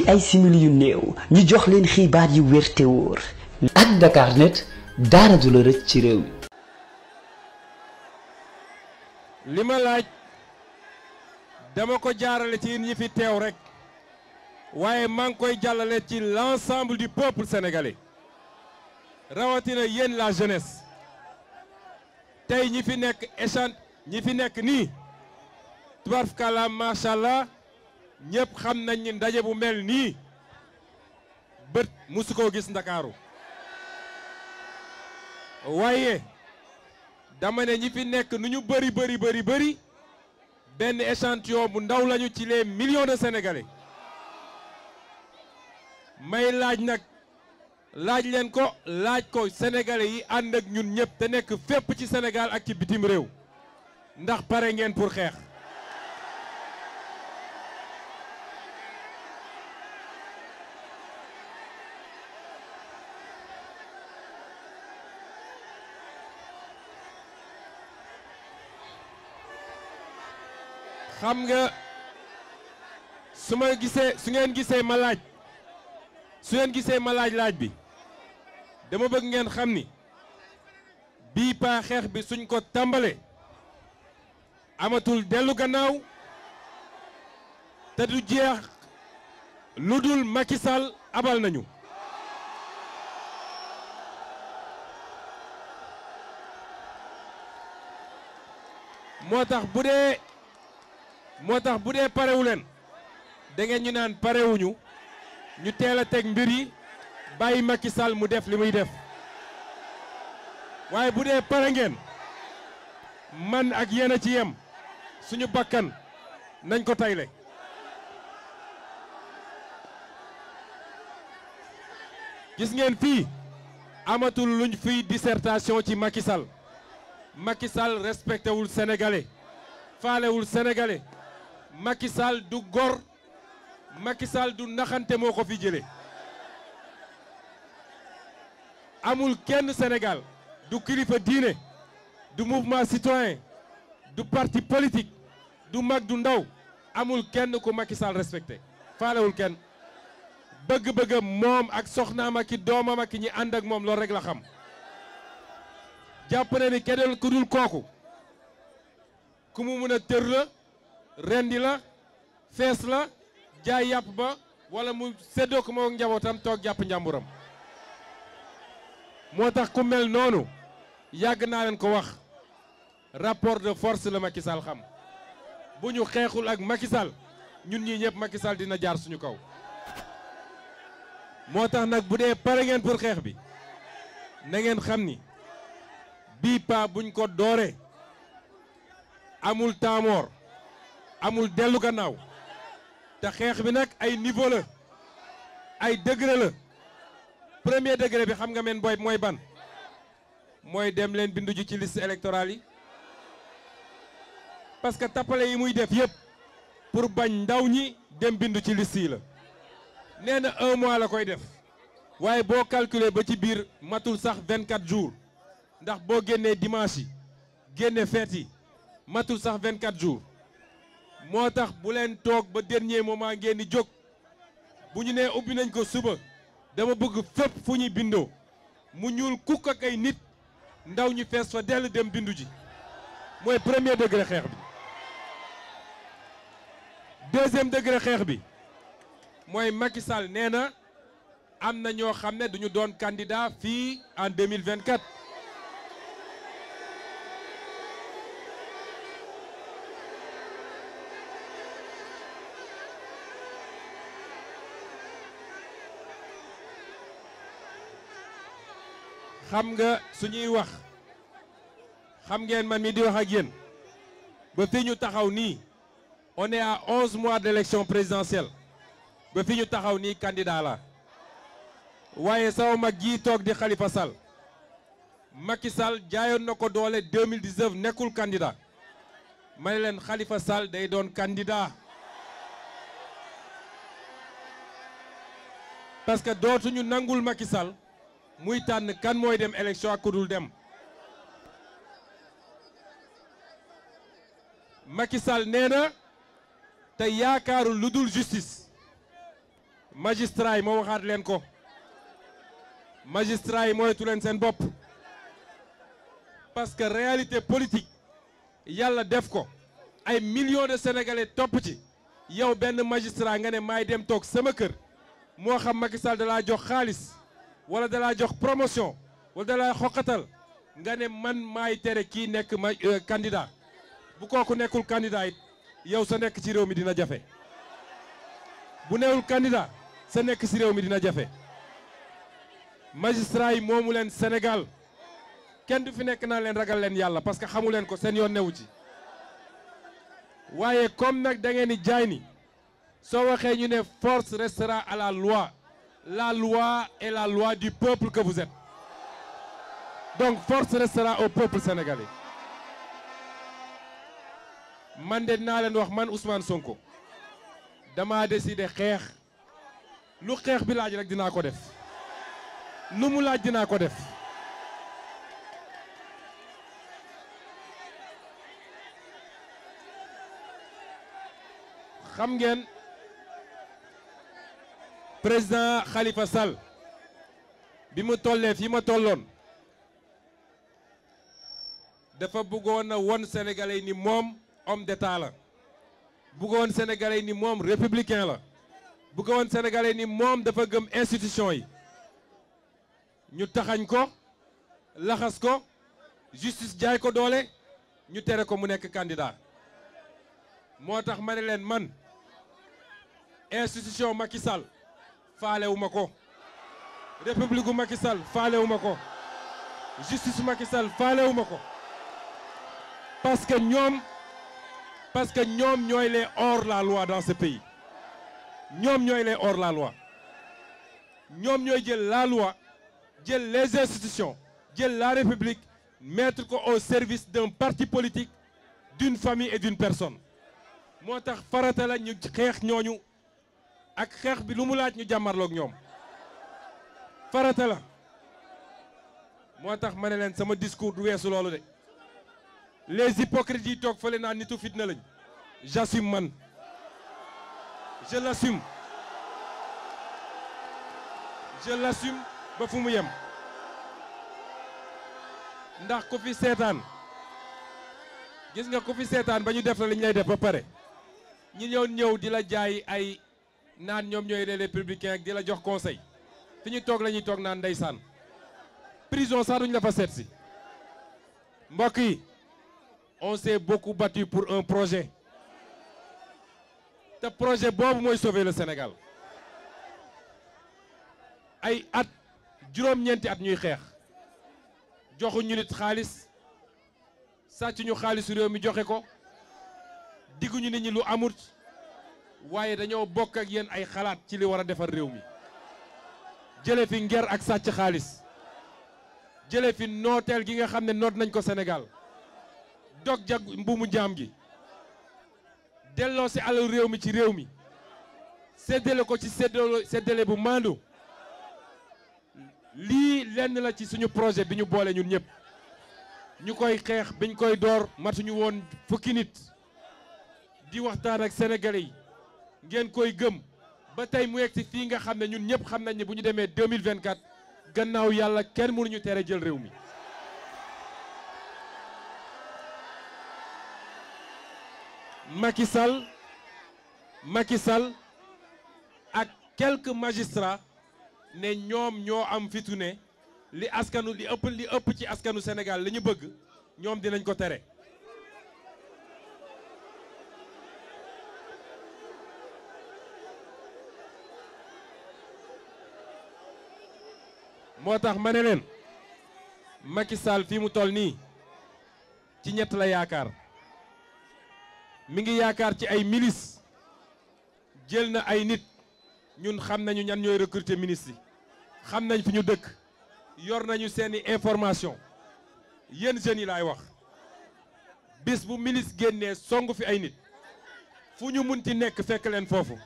ci ay simili yu ñu jox leen xibaar yu wér te wóor. ak Dakarnet ci réew mi. li ma laaj dama ko jaarale ci ñi fi rek waaye maa ngi koy jàllale ci l'ensemble du peuple sénégalais rawatina yéen la jeunesse tey ñi fi nekk échant ñi fi nekk nii tubarfkala macha allah. ñëpp xam nañ ni ndaje bu mel nii bët musu koo gis ndakaaru waaye dama ne ñi fi nekk nu ñu bëri bëri bëri benn échantillon bu ndaw lañu ci les millions de sénégalais may laaj nag laaj leen ko laaj ko sénégalais yi ànd ak ñun ñëpp te nekk fépp ci senegal ak ci bitim réew ndax pare ngeen pour xeex xam nga su ma gisee su ngeen gisee ma laaj su ngeen gisee ma laaj laaj bi dama bëgg ngeen xam ni bii paa bi suñ ko tàmbalee amatul dellu gannaaw te du jeex lu dul Macky Sall abal nañu. moo moo tax bu dee parewu leen da ñu naan parewuñu ñu teel a teg mbir yi bàyyi Macky Sall mu def li muy def waaye bu dee pare ngeen man ak yéen a ci yem suñu bakkan nañ ko tayle gis ngeen fii amatul luñ fiy dissertation ci Macky Sall Macky Sall respecté wul sénégalais faalewul sénégalais Macky Sall du gor Macky du naxante moo ko fi jële amul kenn Sénégal du kilifa diine du mouvement citoyen du parti politik du mag du ndaw amul kenn ku Macky Sall respecté faalewul kenn bëgg moom ak soxnaam ak i doomam ak ñi ànd ak moom loolu rek la xam jàpp na ni keneen ku dul kooku ku mu mun a tër rendi la fees la jaay yàpp ba wala mu seddoo ko moo njabootam toog jàpp njàmburam moo tax ku mel noonu yàgg naa leen ko wax rapport de force la Macky Sall xam bu ñu xeexul ak Macky ñun ñii ñëpp Macky Sall dina jaar suñu kaw moo tax nag bu dee pare ngeen pour xeex bi na ngeen xam ni bii paa buñ ko doore amul taamoor amul dellu gannaaw te xeex bi nag ay niveau la ay degré la premier degré bi xam nga men booy mooy ban mooy dem leen bindu ci liste électorale yi parce que tappale yi muy def yëpp pour bañ ndaw ñi dem bindu ci list yi la nee na un mois la koy def waaye boo calculer ba ci biir matul sax vingt quatre jours ndax boo génnee dimanche yi génne fête yi matul sax vingt quatre jours moo tax bu leen toog ba dernier moment ngeen di jóg bu ñu nee ubbi nañ ko suba dama bëgg fépp fu ñuy bindoo mu ñuul kukk ak ay nit ndaw ñi fees fa dell dem bindu ji mooy premier degré xeex bi deuxième degré xeex bi mooy Macky Sall nee na am na ñoo xam ne duñu doon candidat fii en 2024 xam nga suñuy wax xam ngeen ma mi di wax ak yéen ba fi ñu taxaw nii on est à onze mois d'élection présidentielle ba fi ñu taxaw nii candidat la waaye sama mag jii toog di Khalifa Sall Macky Sall jaayoon na ko doole 2019 nekkul candidat ma ne leen Khalifa Sall day doon candidat parce que dootuñu nangul Macky Sall muy tànn kan mooy dem élection ak ku dul dem Macky nee na te yaakaaru lu dul justice magistrat yi waxaat leen ko magistrat yi moytu leen seen bopp parce que réalité politique yàlla def ko ay millions de sénégalais topp ci yow benn magistrat nga ne maay dem toog sama kër moo xam Macky Sall da jox xaalis wala dalaa jox promotion wala dalaa xoqatal nga ne man maay tere kii nekk ma euh, candidat bu kooku nekkul candidat yow sa nekk ci réew mi dina jafe bu newul candidat sa nekk ci réew mi dina jafe magistrat moomu leen senegal kenn du fi nekk naa leen ragal leen yàlla parce que xamu leen ko seen yoon newu ci waaye comme nag da ngeen di jaay ni soo waxee ñu ne force restera à la la loi est la loi du peuple que Donc force restera au peuple sénégalais. man de dinaa leen wax man Ousmane Sonko dama décidé xeex lu xeex bi laaj rek dinaa ko def nu mu laaj dinaa ko def président xalifa sal bi mu tollee yi ma tolloon dafa bëggoon a won sénégalais yi ni moom homme d'état la bëggoon sénégalais yi ni moom républicain la bëggoon sénégalais yi ni moom dafa gëm institution yi ñu taxañ ko laxas ko justice jaay ko doole ñu tere ko mu nekk candidat moo tax ma ne leen man institution Macky Sall faalewu ma ko république u makisal Sall faalewu ma ko justice Macky Sall faalewu ma ko parce que ñoom parce que ñoom ñooy les hors la loi dans ce pays ñoom ñooy les hors la loi ñoom ñooy jël la loi jël les institutions jël la république mettre ko au service d'un parti politique d'une famille et d'une personne moo tax farata ñu xeex ñooñu ak xeex bi lu mu laaj ñu jàmmarloog ñoom farata la moo tax ma ne leen sama discours du weesu loolu de les hypocrites yi toog fële naa nitu fitna lañ j'assume man je l'assume je l'assume ba fu mu yem ndax ku fi seetaan gis nga ku fi seetaan ba ñu def la li lay def ba pare ñi ñëw ñëw di la jaay ay naan ñoom ñooy les républicains ak di la jox conseil fi ñu toog la ñuy toog naan ndeysaan prison sax la fa seet si mbokk yi on s'est beaucoup battu pour un projet te projet boobu mooy sauver le Sénégal ay at juróom-ñeenti at ñuy xeex joxuñu ñu nit xaalis sàcc ñu xaalisu réew mi joxe ko digguñu nit ñi lu amut waaye dañoo bokk ak yéen ay xalaat ci li war a defar réew mi jële fi nger ak sàcc xaalis jële fi nooteel gi nga xam ne noot nañ ko senegal dog jag mbuumu jaam gi delloo si alalu réew mi ci réew mi séddale ko ci séddale bu maandu lii lenn la ci suñu projet bi ñu boole ñun ñëpp ñu koy xeex biñ koy door matuñu woon fukki nit di waxtaan ak sénégalais yi ngeen koy gëm ba tey mu yegg si fii nga xam ne ñun ñëpp xam nañ ne bu ñu demee 2024 gannaaw yàlla kenn mënuñu tere jël réew mi. Macky Sall Macky Sall ak quelques magistrats ne ñoom ñoo am fitu ne li askanu li ëpp li ëpp ci askanu Sénégal li ñu bëgg ñoom dinañ ko tere. moo tax ma ne leen Macky Sall fii mu toll nii ci ñett la yaakaar mi ngi yaakaar ci ay milices jël na ay nit ñun xam nañu ñan ñooy recruter ministres yi xam nañ fi ñu dëkk yor nañu seeni information yéen jeunes yi laay wax bis bu milice génnee song fi ay nit fu ñu munti nekk fekk leen foofu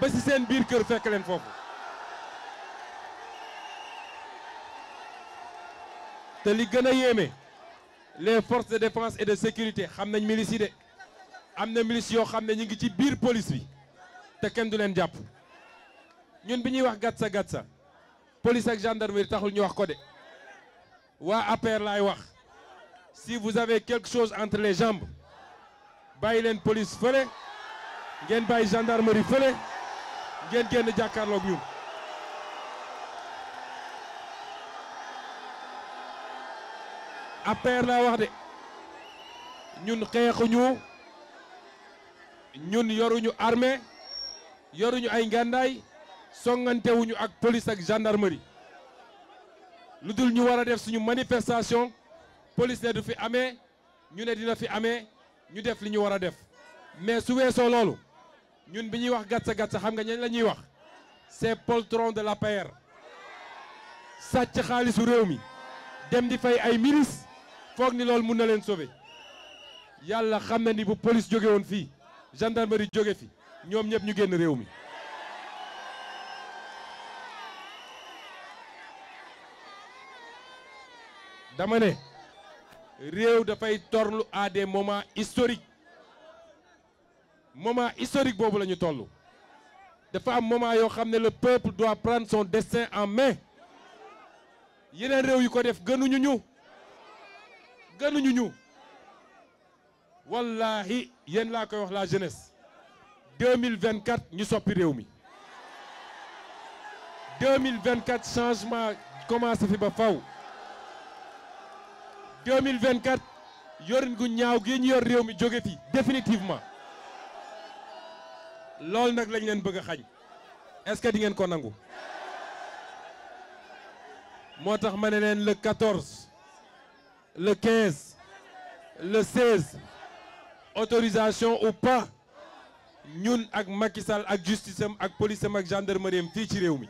ba ci seen biir kër fekk leen foofu te li gën a yéeme les forces de défense et de sécurité xam nañ milice yi de am na milice yoo xam ne ñu ngi ci biir police bi te kenn du leen jàpp ñun bi ñuy wax gatsa gatsa police ak gendarmerie taxul ñu wax ko de waa APR lay wax si vous avez quelque chose entre les jambes bàyyi leen police fële ngeen bàyyi gendarmerie fële ngeen génn jàkkaarlook ñun. APR laa wax de ñun xeexuñu ñun yoruñu armée yoruñu ay ngàndaay songantewuñu ak police ak gendarmerie lu dul ñu war a def suñu manifestation police ne du fi amee ñu ne dina fi amee ñu def li ñu war a def mais su weesoo loolu ñun bi ñuy wax gàtsa gàtsa xam nga ñan la ñuy wax c'est poltron de l'APR sàcc xaalisu réew mi dem di fay ay milices foog ni loolu mun na leen sauver yàlla xam na ni bu police jóge woon fii gendarmerie jóge fi ñoom ñëpp ñu génn réew mi dama ne réew dafay torlu à des moments historiques moment historique boobu la ñu toll dafa am moment yoo xam ne le peuple doit prendre son destin en mais yeneen réew yi ko def gënuñu ñu gënuñu ñu wallahi yéen laa koy wax la jeunesse deux mille vingt quatre ñu soppi réew mi deux mille vingt quatre changement commencé fi ba faw deux mille vingt quatre yorin gu ñaaw gi ñu yor réew mi jóge fi définitivement loolu nag lañ leen bëgg a xañ est-ce que ngeen ko nangu moo tax ma ne leen le 14 le 15 le 16 autorisation ou pas ñun ak Macky ak justice am ak police am ak gendarmerie fii ci réew mi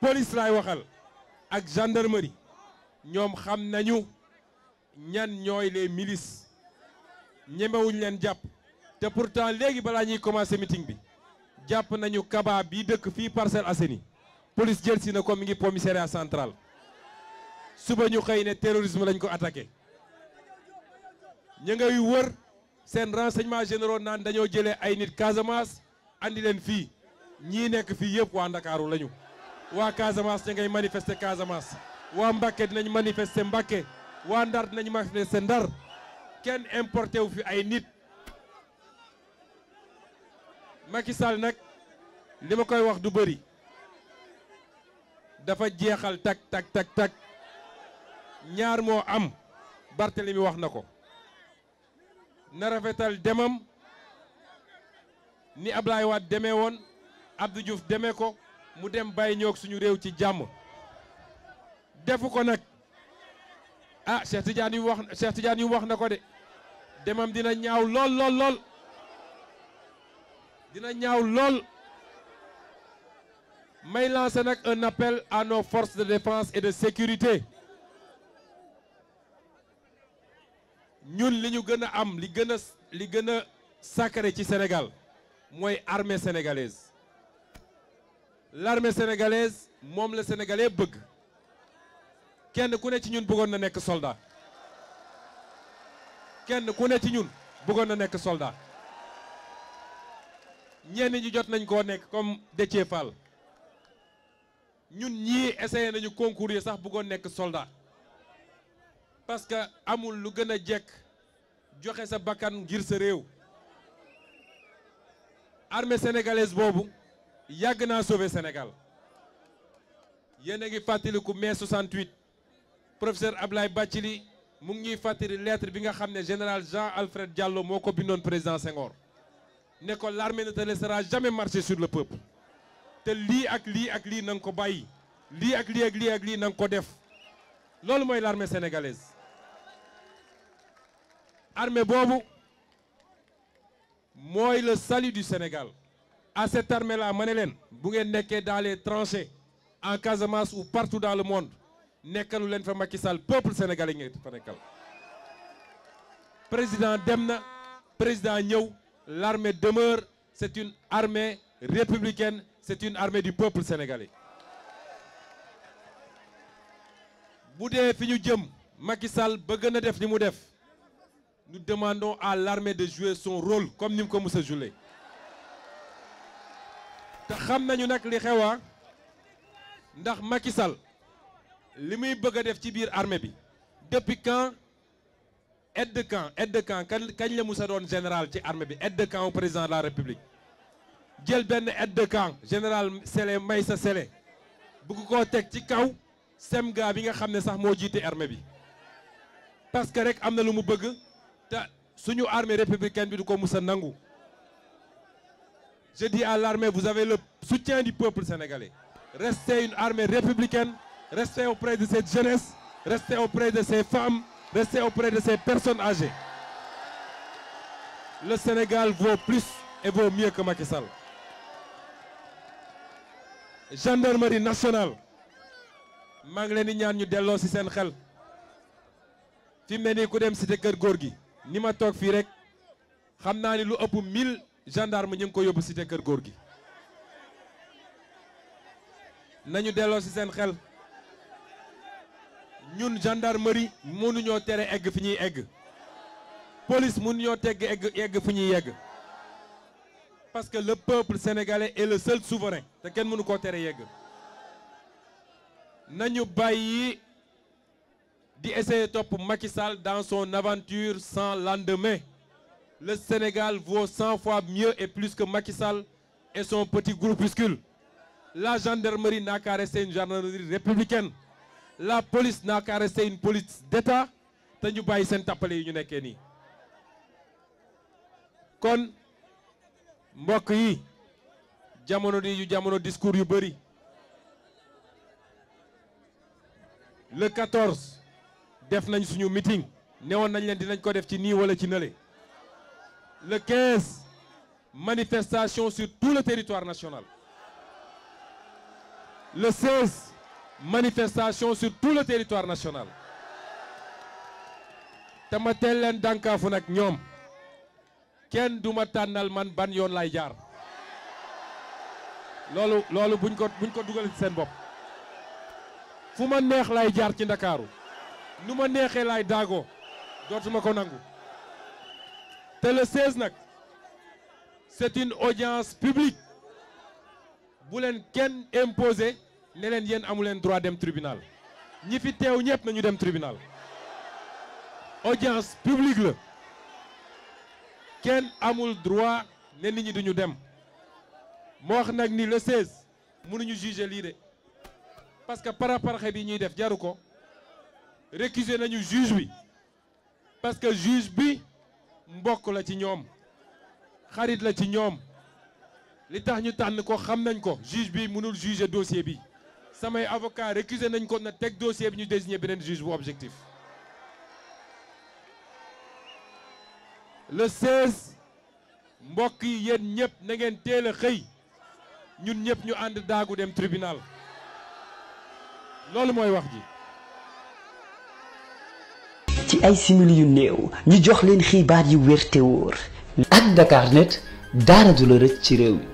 police laay waxal ak gendarmerie ñoom xam nañu ñan ñooy les milices ñemewuñ leen jàpp te pourtant léegi balaa ñuy commencer meeting bi jàpp nañu kaba bi dëkk fii Parcelles Assainies police jël si na ko mi ngi commissariat central suba ñu xëy ne terrorisme lañ ko attaqué ñu ngay wër seen renseignement généraux naan dañoo jëlee ay nit Casamance andi leen fii ñii nekk fii yëpp waa Ndakaaru lañu waa Casamance ña ngay manifester Casamance waa Mbacké dinañ manifester Mbacké waa Ndar dinañ manifester Ndar kenn importé wu fi ay nit Macky Sall nag li ma koy wax du bëri dafa jeexal tak tak tak ñaar moo am Barthélemy wax na ko na rafetal demam ni Ablaye Wade demee woon Abdou Diouf demee ko mu dem bàyyi ñoog suñu réew ci jàmm defu ko nag ah Cheikh Tidiane yu wax Cheikh Tidiane yu wax na ko de demam dina ñaaw lool lool lool dina ñaaw lool may lancer nag un appel à nos de défense et de sécurité ñun li ñu gën a am li gën a li gën a sacré ci Sénégal mooy armée sénégalaise l'armée sénégalaise moom la sénégalais bëgg kenn ku ne ci ñun buggoon na nekk soldat kenn ku ne ci ñun buggoon na nekk soldat ñenn ñi jot nañ koo nekk comme Déthié ñun ñii essayé nañu concourir sax buggoon nekk soldat parce que amul lu gën a jekk joxe sa bakkan ngir sa réew armée sénégalaise boobu yàgg naa sauver Sénégal yéen a ngi fàttaliku mai ab professeur Ablaye Bathily mu ngi ñuy fàttali lettre bi nga xam ne général Jean Alfred Diallo moo ko bindoon président Senghor ne ko l'armée ne te laissera jamais marcher sur le peuple te lii ak lii ak lii na ko bàyyi lii ak lii ak lii ak lii ko def loolu mooy l'armée sénégalaise armée boobu mooy le salut du Sénégal à cette armée là ma ne leen bu ngeen nekkee dans les tranchées en Casamance ou partout dans le monde nekkalu leen fa Macky Sall peuple sénégalais ngeen fa nekkal président dem na président ñëw l'armée demeure c'est une armée républicaine c'est une armée du peuple sénégalais bu dee fi ñu jëm Macky Sall bëgg na def ni mu def nous demandons à l'armée de jouer son rôle comme ni mu ko mës a jouer te xam nañu nag li xewa ah, ndax Macky Sall li muy bëgg a def ci biir armée bi depuis quand aide de camp aide de camp kañ kañ la musa doon général ci armée bi aide de camp président de la république jël benn aide de général général Sélé Maysa Sélé bugg koo teg ci kaw semga bi nga xam ne sax moo jiite armée bi parce que rek am na lu mu bëgg te suñu armée républicaine bi du ko mus nangu je dis à l'armée vous avez le soutien du peuple sénégalais restez une armée républicaine restez auprès de cette jeunesse restez auprès de ces femmes restez auprès de ces personnes âgées le Sénégal vaut plus et vaut mieux que Macky Sall gendarmerie nationale maa ngi leen di ñaan ñu delloo ci seen xel fi mel ne ku dem cité kër góor gi ni ma toog fii rek xam naa ni lu ëpp 1000 gendarme ñu ngi ko yóbbu cité kër góor gi nañu delloo ci seen xel ñun gendarmerie mënuñoo tere egg fi ñuy egg police mënuñoo tegg egg egg fi ñuy yegg parce que le peuple sénégalais est le seul souverain te kenn mënu koo tere yegg nañu bàyyi di essayer topp Macky Sall dans son aventure sans lendemain le Sénégal vaut cent fois mieux et plus que Macky Sall et son petit groupuscule la gendarmerie n'a qu'à rester une gendarmerie républicaine la police n'a qu'à rester une police d'État te ñu bàyyi seen tappale yi ñu nekkee nii mbokk yi jamono di yu jamono discours yu bëri le 14 def nañ suñu meeting newoon nañ leen dinañ ko def ci nii wala ci nële le 15 manifestation sur tout le territoire national le 16 manifestation sur tout le territoire national te ma leen dànkaafu nak ñoom kenn du ma tànnal man ban yoon lay jaar loolu loolu buñ ko buñ ko dugal ci seen bopp fu ma neex lay jaar ci ndakaaru nu ma neexee lay daagoo dootuma ko nangu te le 16 nag c'est une audience publique bu leen kenn imposé ne leen yéen amu leen droit dem tribunal ñi fi teew ñëpp nañu dem tribunal audience publique la kenn amul droit ne nit ñi duñu dem moo wax nag ni le 16 mënuñu juger lii de parce que paraparaxe bi ñuy def jaru ko récuser nañu juge bi parce que juge bi mbokk la ci ñoom xarit la ci ñoom li tax ñu tànn ko xam nañ ko juge bi mënul juger dossier bi samay avocat récuser nañ ko na teg dossier bi ñu désigner beneen juge bu objectif le 16 mbokk yi yéen ñëpp na ngeen teel a xëy ñun ñëpp ñu ànd daagu dem tribunal loolu mooy wax ji. ci ay simili yu néew ñu jox leen xibaar yu wér te wóor. ak Dakarnet dara du rëcc ci réew mi.